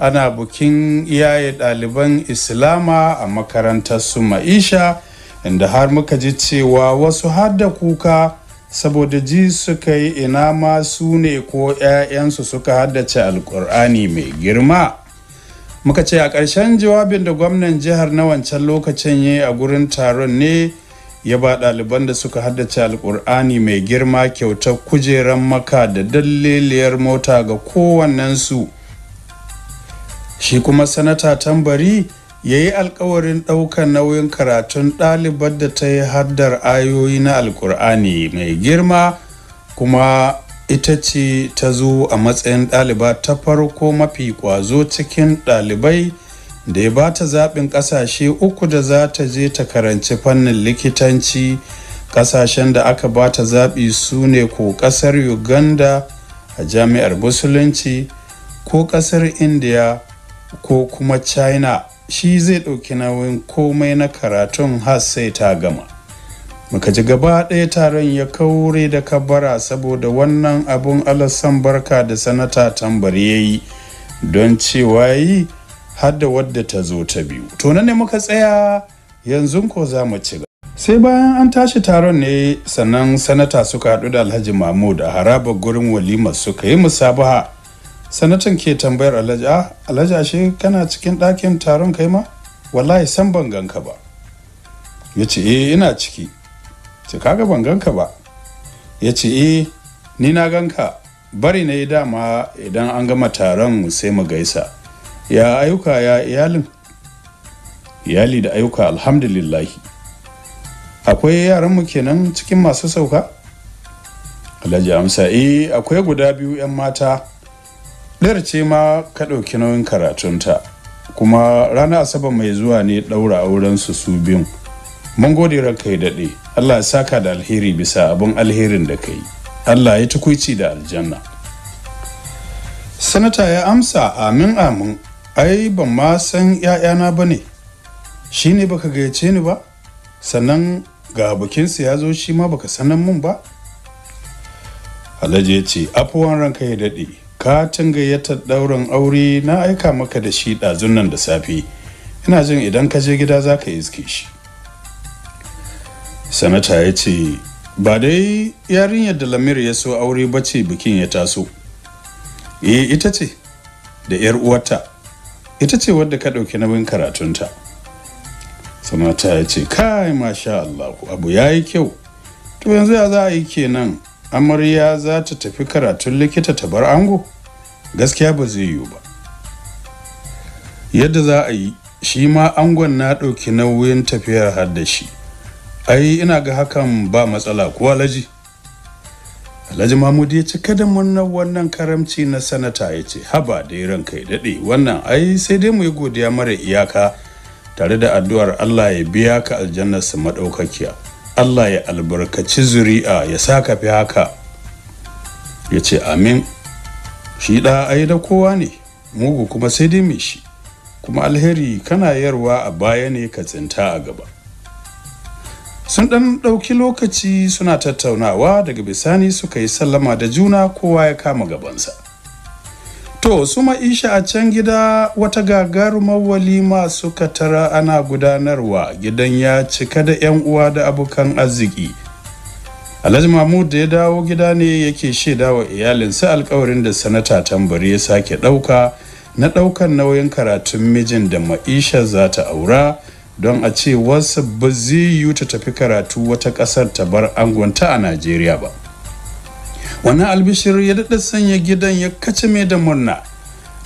ana bukin iyaye ɗaliban islama a makarantar su ma'isha inda har muka ji cewa wasu har da kuka saboda ji suka yi ina ma su ne ko 'ya'yansu suka haddace alkur'ani mai girma muka ce a ƙarshen jawabin da gwamnan jihar na wancan lokacin ya yi a gurin taron ne ya ba ɗaliban da suka haddace alkur'ani mai girma kyautar kujerar maka da dalliliyar mota ga kowannensu shi kuma sanata tambari ya yi alkawarin ɗaukar nauyin karatun ɗalibar da ta yi haddar ayoyi na alkur'ani mai girma kuma ita ce ta zo a matsayin ɗaliba ta farko mafi kwazo cikin ɗalibai da ya ba ta zaɓin ƙasashe uku da za ta je ta karanci fannin likitanci ƙasashen da aka ba ta zaɓi su ne ko ƙasar uganda a jami'ar musulunci ko ƙasar Indiya. ko kuma china shi zai ɗauki nauyin komai na karatun har sai ta gama muka ji gaba ɗaya taron ya kaure da kabara saboda wannan abun alasan barka da sanata tambari ya yi don cewa yi har wadda ta zo ta biyu to ne muka tsaya yanzu ko za mu ci sai bayan an tashi taron ne sannan sanata suka haɗu da alhaji mahmud a harabar gurin walima suka yi musabaha sanatan ke tambayar alhaji ah, alhaji ashe kana cikin ɗakin taron kai ma wallahi san ban ganka ba ya ce eh ina ciki ce kaga ban ganka ba ya ce eh ni na ganka bari na yi dama idan an gama taron sai mu gaisa ya ayyuka ya iyalin iyali da ayyuka alhamdulillahi akwai yaranmu kenan cikin masu sauka alhaji amsa eh akwai guda biyu 'yan mata Yar ce ma ka ɗauki nauyin karatunta, kuma ranar Asabar mai zuwa ne ɗaura aurensu su biyun. Mun gode ranka ya daɗe, Allah ya saka da alheri bisa abin alherin da ka yi. Allah ya tukuici da aljanna. Sanata ya amsa amin amin, ai ban ma san ‘ya'yana ba ne, shi ne baka gayyace ni ba, sannan ga bikinsu ya zo shi ma baka sanan mun ba? Alhaji ya ce, ranka ya daɗe, katin gayyatar ɗaurin aure na aika maka da shi ɗazun nan da safe ina jin idan ka je gida za ka iske shi sanata ya ce ba dai yarinyar da lamir ya so aure ba ce bikin ya taso eh ita ce da 'yar uwarta ita ce wadda ka ɗauki nauyin karatunta sanata ya ce kai masha Allah abu ya yi kyau to yanzu ya za a yi kenan amarya za ta tafi karatun likita ta bar ango gaskiya ba zai yiwu ba yadda za a yi shi ma angon na ɗauki nauyin tafiyar har da shi ai ina ga hakan ba matsala ko alhaji alhaji mahmud ya cika da murnar wannan karamci na sanata ya ce haba da ran kai daɗe wannan ai sai dai mu yi godiya mara iyaka tare da addu'ar allah ya biya ka aljannarsa maɗaukakiya Allah ya albarkaci zuri'a ya sa ka fi haka ya ce amin shi ɗa ai da kowa ne mugu kuma sai dai mai shi kuma alheri kana yarwa a baya ne ka tsinta a gaba sun ɗan ɗauki lokaci suna tattaunawa daga bisani suka yi sallama da juna kowa ya kama gabansa To, su ma'isha a can gida wata gagarumar walima suka tara ana gudanarwa gidan ya cika da 'yan uwa da abokan arziki. Alhaji Mahmud da ya dawo gida ne yake shaida wa iyalinsa alkawarin da sanata tambari ya sake ɗauka na ɗaukan nauyin karatun mijin da ma'isha za ta aura don a ce wasu ba zai yiwu ta tafi karatu wata ƙasar ta bar angonta a Najeriya ba. wani albishir ya daɗa sanya gidan ya kace mai da murna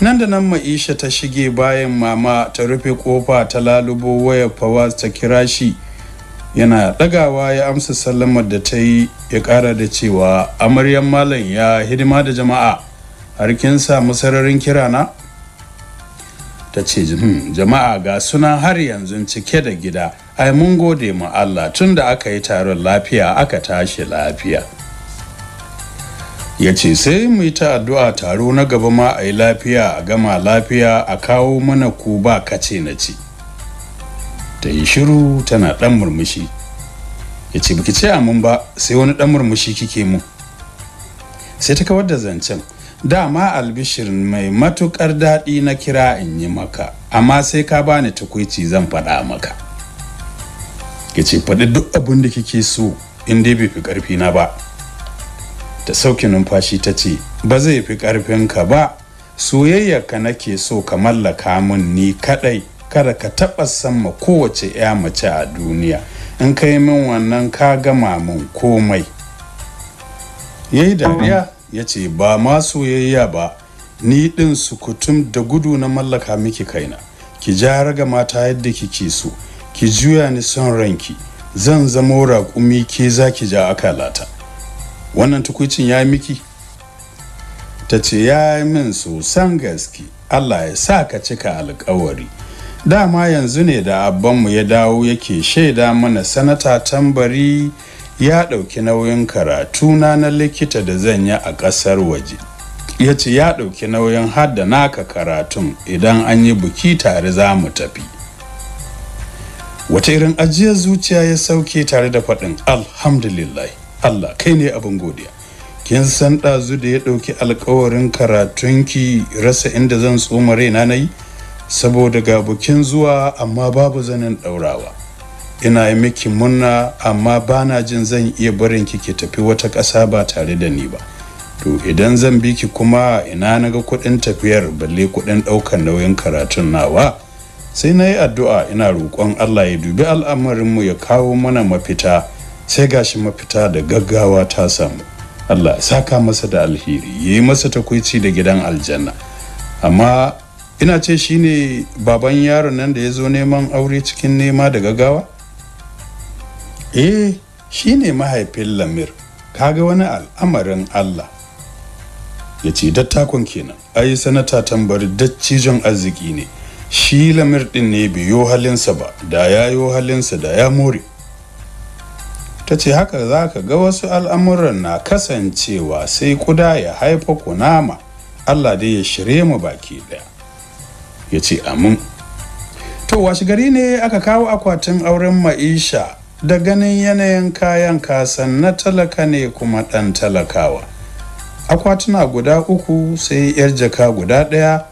nan da nan ma'isha ta shige bayan mama ta rufe kofa ta lalubo wayar fawa ta kira shi yana ɗagawa ya amsa sallamar da ta yi ya ƙara da cewa amaryan malam ya hidima da jama'a har kin samu sararin kira na ta ce hmm, jama'a ga suna har yanzu cike da gida ai mun gode ma Allah tun da aka yi taron lafiya aka tashi lafiya ya ce sai mu yi ta addu'a taro na gaba ma a yi lafiya a gama lafiya a kawo mana ku ba kace na ci ta yi shiru tana ɗan murmushi ya ce baki ce mun ba sai wani ɗan murmushi kike mu sai ta kawar da zancen dama albishir mai matukar daɗi na kira in yi maka amma sai ka bani takwici zan faɗa maka ya ce faɗi duk abin da kike so in dai bai fi ƙarfi na ba ta sauke numfashi ta ce ba zai fi ka ba soyayya ka nake so ka mallaka mun ni kaɗai kada ka taɓa ma kowace 'ya mace a duniya in ka yi min wannan ka gama mun komai ya yi dariya ya ce ba ma soyayya ba ni ɗin sukutum da gudu na mallaka miki kaina ki ja raga mata yadda kike so ki juya ni son ranki zan zamo raƙumi ke za ki ja akalata wannan tukucin ya yi miki ta ce ya yi min sosan gaske allah ya sa ka cika alkawari dama yanzu ne da abbanmu ya dawo yake shaida mana sanata tambari ya ɗauki nauyin karatu na na likita da zan yi a ƙasar waje ya ce ya ɗauki nauyin hadda naka karatun idan an yi buki tare za mu tafi wata irin ajiyar zuciya ya sauke tare da faɗin alhamdulillah Allah kai ne abin godiya kin san ɗazu da ya ɗauki alkawarin karatunki rasa inda zan tsoma raina na yi saboda ga bukin zuwa amma babu zanin ɗaurawa ina yi miki munna amma bana jin zan iya barin ki ki tafi wata ƙasa ba tare da ni ba to idan zan bi ki kuma ina na ga kuɗin tafiyar balle kuɗin ɗaukar nauyin karatun nawa sai na yi addu'a ina roƙon allah ya dubi al'amarinmu ya kawo mana mafita sai gashi mafita da gaggawa ta samu Allah ya saka masa da alheri ya yi masa takwici da gidan aljanna amma ina ce shine baban yaron nan da ya zo neman aure cikin nema da gaggawa eh shine mahaifin lamir kaga wani al'amarin Allah ya ce dattakon kenan ai sanata tambari dattijon arziki ne shi lamir din ne bai biyo halinsa ba da ya yo halinsa da ya more ta ce haka za ka ga wasu al'amuran na kasancewa sai kuda ya haifa kunama allah dai ya shirye mu baki daya ya ce amin to washe gari ne aka kawo akwatin auren ma'isha da ganin yanayin kayan kasan na talaka ne kuma ɗan talakawa akwatuna guda uku sai yar jaka guda ɗaya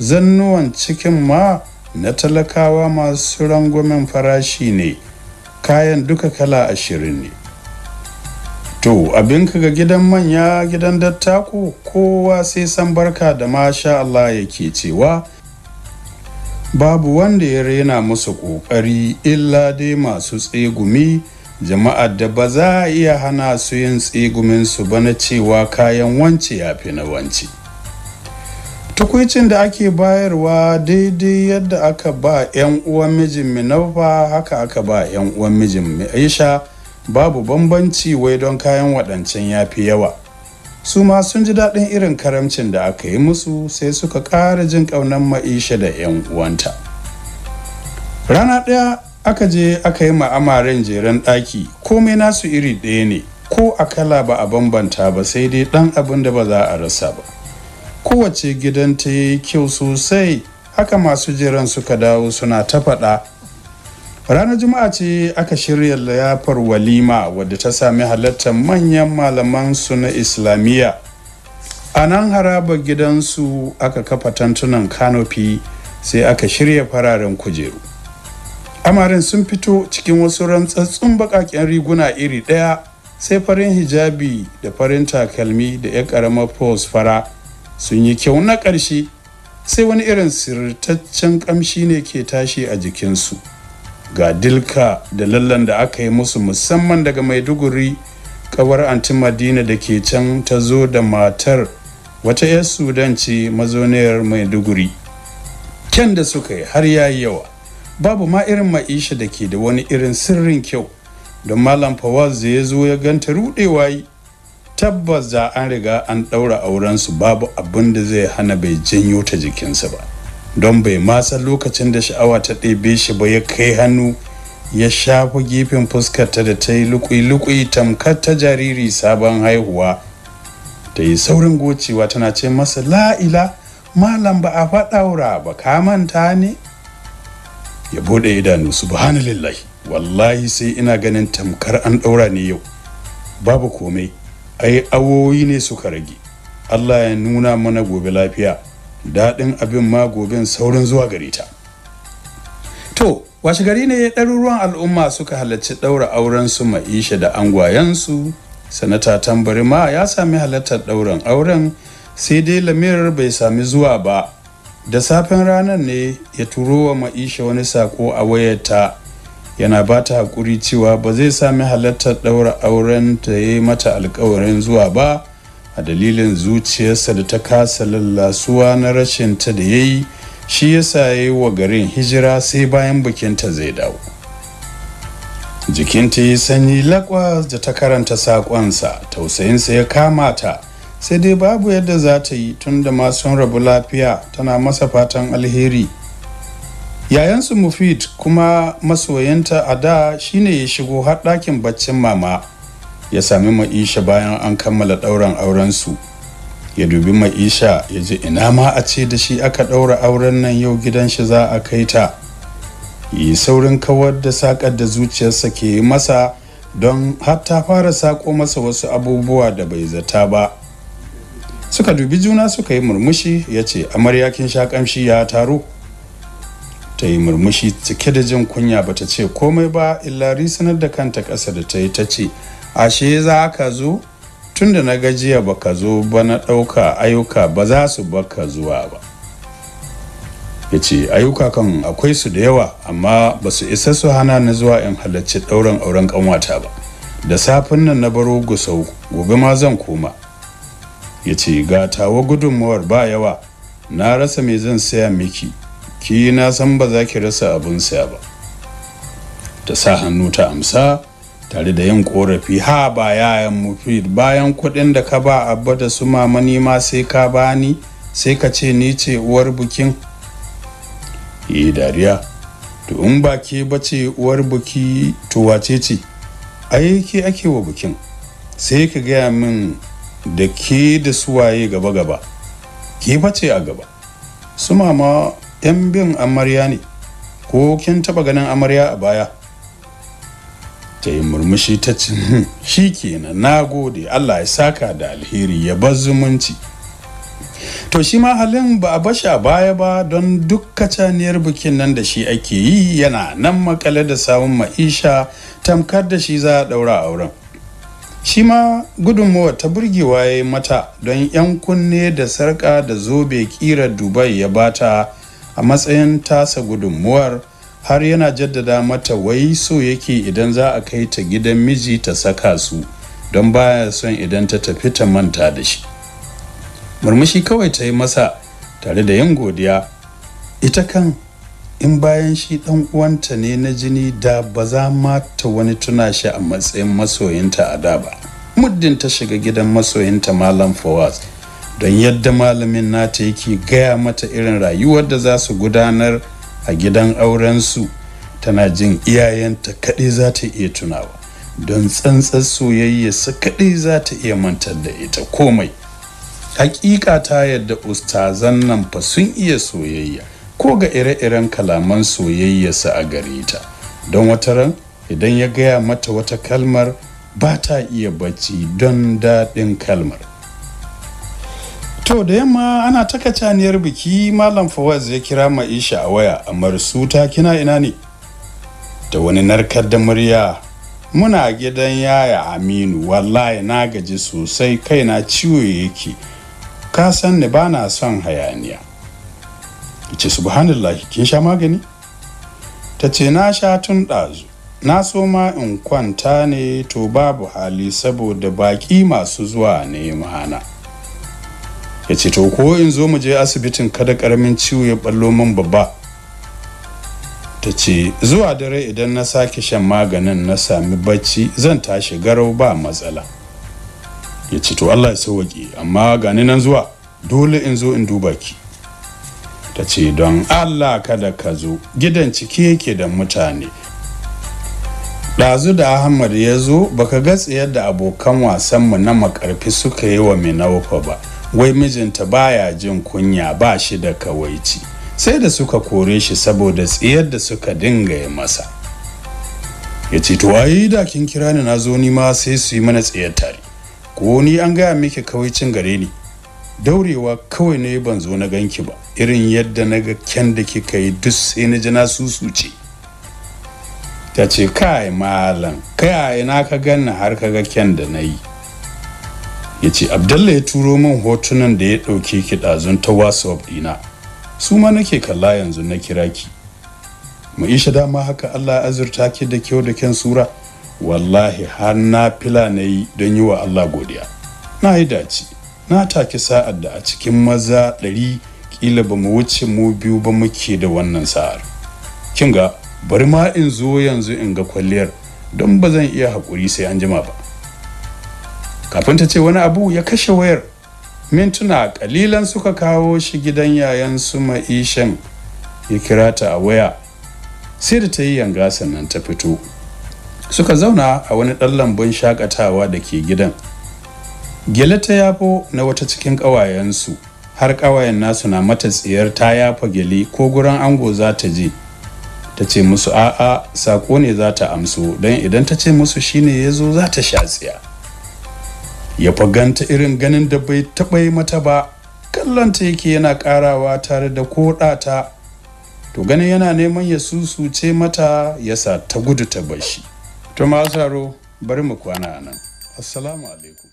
zannuwan cikin ma na talakawa masu rangwamen farashi ne kayan duka kala ashirin ne to abin ka ga gidan manya gidan dattako kowa sai san barka da masha Allah yake cewa babu wanda ya rena musu ƙoƙari illa dai masu tsegumi jama'ar da ba za a iya hana su yin tsegumin su ba na cewa kayan wance ya fi na wance. tukwicin da ake bayarwa daidai yadda aka ba 'yan uwan mijin minofa haka aka ba 'yan uwan mijin aisha babu bambanci wai don kayan waɗancan ya fi yawa su ma sun ji daɗin irin karamcin da aka yi musu sai suka ƙara jin ƙaunar ma'isha da 'yan uwanta rana ɗaya aka je aka yi ma'amarin jeren ɗaki komai nasu iri ɗaya ne ko a kala ba a bambanta ba sai dai ɗan abin da ba za a rasa ba kowace gidan ta yi kyau sosai haka masu jiran suka dawo suna ta faɗa ranar juma'a ce aka shirya layafar walima wadda ta sami halartar manyan malaman su na islamiyya a nan haraba gidansu aka kafa tantunan kanofi sai aka shirya fararen kujeru amarin sun fito cikin wasu rantsatsun bakaken riguna iri ɗaya sai farin hijabi da farin takalmi da 'yan ƙaramar fos fara sun yi kyau na ƙarshe sai wani irin sirritaccen ƙamshi ne ke tashi a jikinsu ga dilka da lallan da aka yi musu musamman daga maiduguri kawar anti madina da ke can ta zo da matar wata 'yar sudan ce mazauniyar maiduguri kyan da suka yi har ya yi yawa babu ma irin ma'isha da ke da wani irin sirrin kyau don malam fawaz da ya zo ya ganta rudewa yi tabbas da an riga an ɗaura aurensu babu abin da zai hana bai janyo ta jikinsa ba don bai masa lokacin da sha'awa ta ɗebe shi ba ya kai hannu ya shafi gefen fuskarta da ta yi lukui-lukui tamkar ta jariri sabon haihuwa ta yi saurin gocewa tana ce masa la'ila malam ba a faɗaura ba ka manta ne ya buɗe idanu subhanallahi wallahi sai ina ganin tamkar an ɗaura ne yau babu komai ai awoyi ne suka rage allah ya nuna mana gobe lafiya daɗin abin ma goben saurin zuwa gare ta to washe gari ne ya ɗaruruwan al'umma suka halarci ɗaura auren su ma'isha da angwayensu sanata tambari ma ya sami halartar ɗaurin auren sai dai lamir bai sami zuwa ba da safin ranar ne ya turo wa ma'isha wani sako a wayarta yana ba ta haƙuri cewa ba zai sami halartar ɗaura auren ta ya yi mata alkawarin zuwa ba a dalilin zuciyarsa da ta kasa lallasuwa na rashin ta da ya yi shi yasa ya yi wa garin hijira sai bayan bikinta zai dawo jikinta ya sanyi lakwas da ta karanta saƙonsa tausayinsa ya kama ta sai dai babu yadda za ta yi tun da ma sun rabu lafiya tana masa fatan alheri yayansu mufid kuma masoyanta a da shine ya shigo har ɗakin baccin mama ya sami ma'isha bayan an kammala auren aurensu ya dubi ma'isha ya ji ina ma a ce da shi aka ɗaura auren nan yau gidan shi za a kai ta yi saurin kawar da sakar da zuciyarsa ke masa don har ta fara sako masa wasu abubuwa da bai zata ba suka dubi juna suka yi murmushi ya ce amarya kin sha ya taro ta yi murmushi cike da jin kunya bata ce komai ba illa risanar da kanta ƙasa da ta yi ta ce ashe za ka zo tunda na gajiya ba ka zo ba na ɗauka ayyuka ba za su baka zuwa ba ya ce ayyuka kan akwai su da yawa amma ba su isa su hana na zuwa in halarci ɗauran auren ƙanwata ba da safin nan na baro gusau gobe ma zan koma ya ce ga tawa gudunmawar ba yawa na rasa me zan saya miki ki na san ba za ki rasa abin saya ba ta sa hannu ta amsa tare da yin korafi ha ba yayan mufid bayan kuɗin da ka ba abba da su mama ma sai ka bani sai ka ce ni ce uwar bukin yi dariya to in ba ke bace uwar buki to wace ce ai ke ake wa bukin sai ka gaya min da ke da suwaye gaba-gaba ke bace a gaba su mama 'yan bin amarya ne ko kin taba ganin amarya a baya ta yi murmushi ta ce hmm, shi kenan na gode allah ya saka da alheri ya bar zumunci to shi ma halin ba a bashi a baya ba don duk kacaniyar bikin nan da shi ake yi yana nan makale da samun ma'isha tamkar da shi za a daura auren shi ma gudunmawa ta burgewa ya mata don yan kunne da sarka da zobe kira dubai ya bata a matsayin tasa gudunmuwar har yana jaddada mata wai so yake idan za a kai ta gidan miji ta saka su don baya son idan ta tafi ta manta da shi murmushi kawai ta yi masa tare da yin godiya ita kan in bayan shi dan uwanta ne na jini da ba za ma wani tuna shi a matsayin masoyinta a da ba muddin ta shiga gidan masoyinta malam fawaz don yadda malamin nata yake gaya mata irin rayuwar da za su gudanar a gidan aurensu tana jin iyayenta kaɗai za ta iya tunawa don tsantsar soyayya kaɗai za ta iya mantar da ita komai hakika ta yadda ustazan nan fa sun iya soyayya ko ga ire-iren kalaman soyayyarsa a gare ta don wata ran idan ya gaya mata wata kalmar ba ta iya bacci don daɗin kalmar To da yamma ana taka caniyar biki Malam Fawaz ya kira Maisha a waya amma su ta kina ina ne? Da wani narkar da murya muna gidan yaya Aminu wallahi na gaji sosai kaina ciwo yake ka san ni ba na son hayaniya. Ce subhanallahi kin sha magani? Ta ce na sha tun ɗazu na so ma in kwanta ne to babu hali saboda baƙi masu zuwa ne mana. ya ce to ko in zo mu je asibitin kada karamin ciwo ya ballo min babba ta ce zuwa dare idan na sake shan maganin na sami bacci zan tashi garau ba matsala ya ce to Allah ya sauwaƙe amma gani nan zuwa dole in zo in duba ki ta ce don Allah kada ka zo gidan cike yake da mutane ɗazu da Ahmad ya zo baka ga tsayar da abokan wasanmu na makarfi suka yi wa Minawofa ba wai mijinta baya jin kunya ba shi da kawaici sai da suka kore shi saboda tsiyar da suka dinga yi masa ya ce to da kin kira ni na zo ni ma sai su yi mana tsiyar tare ko ni an gaya miki kawaicin gare ni daurewa kawai ne ban zo na ganki ba irin yadda na ga kyan da kika yi duk sai na ji na ce. ta ce kai malam kai ina ka ganna har ka ga kyan da na yi ya ce abdalla ya turo min hotunan da ya ɗauke ki ta whatsapp ɗina su ma nake kalla yanzu na kira ki mu isha dama haka allah azurta ki da kyau da kyan sura wallahi har na fila na yi don yi wa allah godiya na yi dace na take sa'ar da a cikin maza ɗari ƙila ba mu wuce mu biyu ba muke da wannan sa'ar kin ga bari ma in zo yanzu in ga kwalliyar don ba zan iya haƙuri sai an jima ba kafin ta ce wani abu ya kashe wayar mintuna kalilan suka kawo shi gidan yayan su ma'ishan ya kira ta a waya sai da ta yi yanga sannan ta fito suka zauna a wani ɗan lambun shakatawa da ke gidan gele ta yafo na wata cikin ƙawayensu har ƙawayen nasu na mata tsiyar ta yafa gele ko guran ango za ta je ta ce musu a'a saƙo ne za ta amso don idan ta ce musu shine ya zo za ta sha tsiya ya faganta irin ganin da bai taɓa yi mata ba kallonta yake yana ƙarawa tare da koɗata to ganin yana neman ya susuce mata ya sa ta gudu ta bashi to masaro bari mu kwana nan assalamu alaikum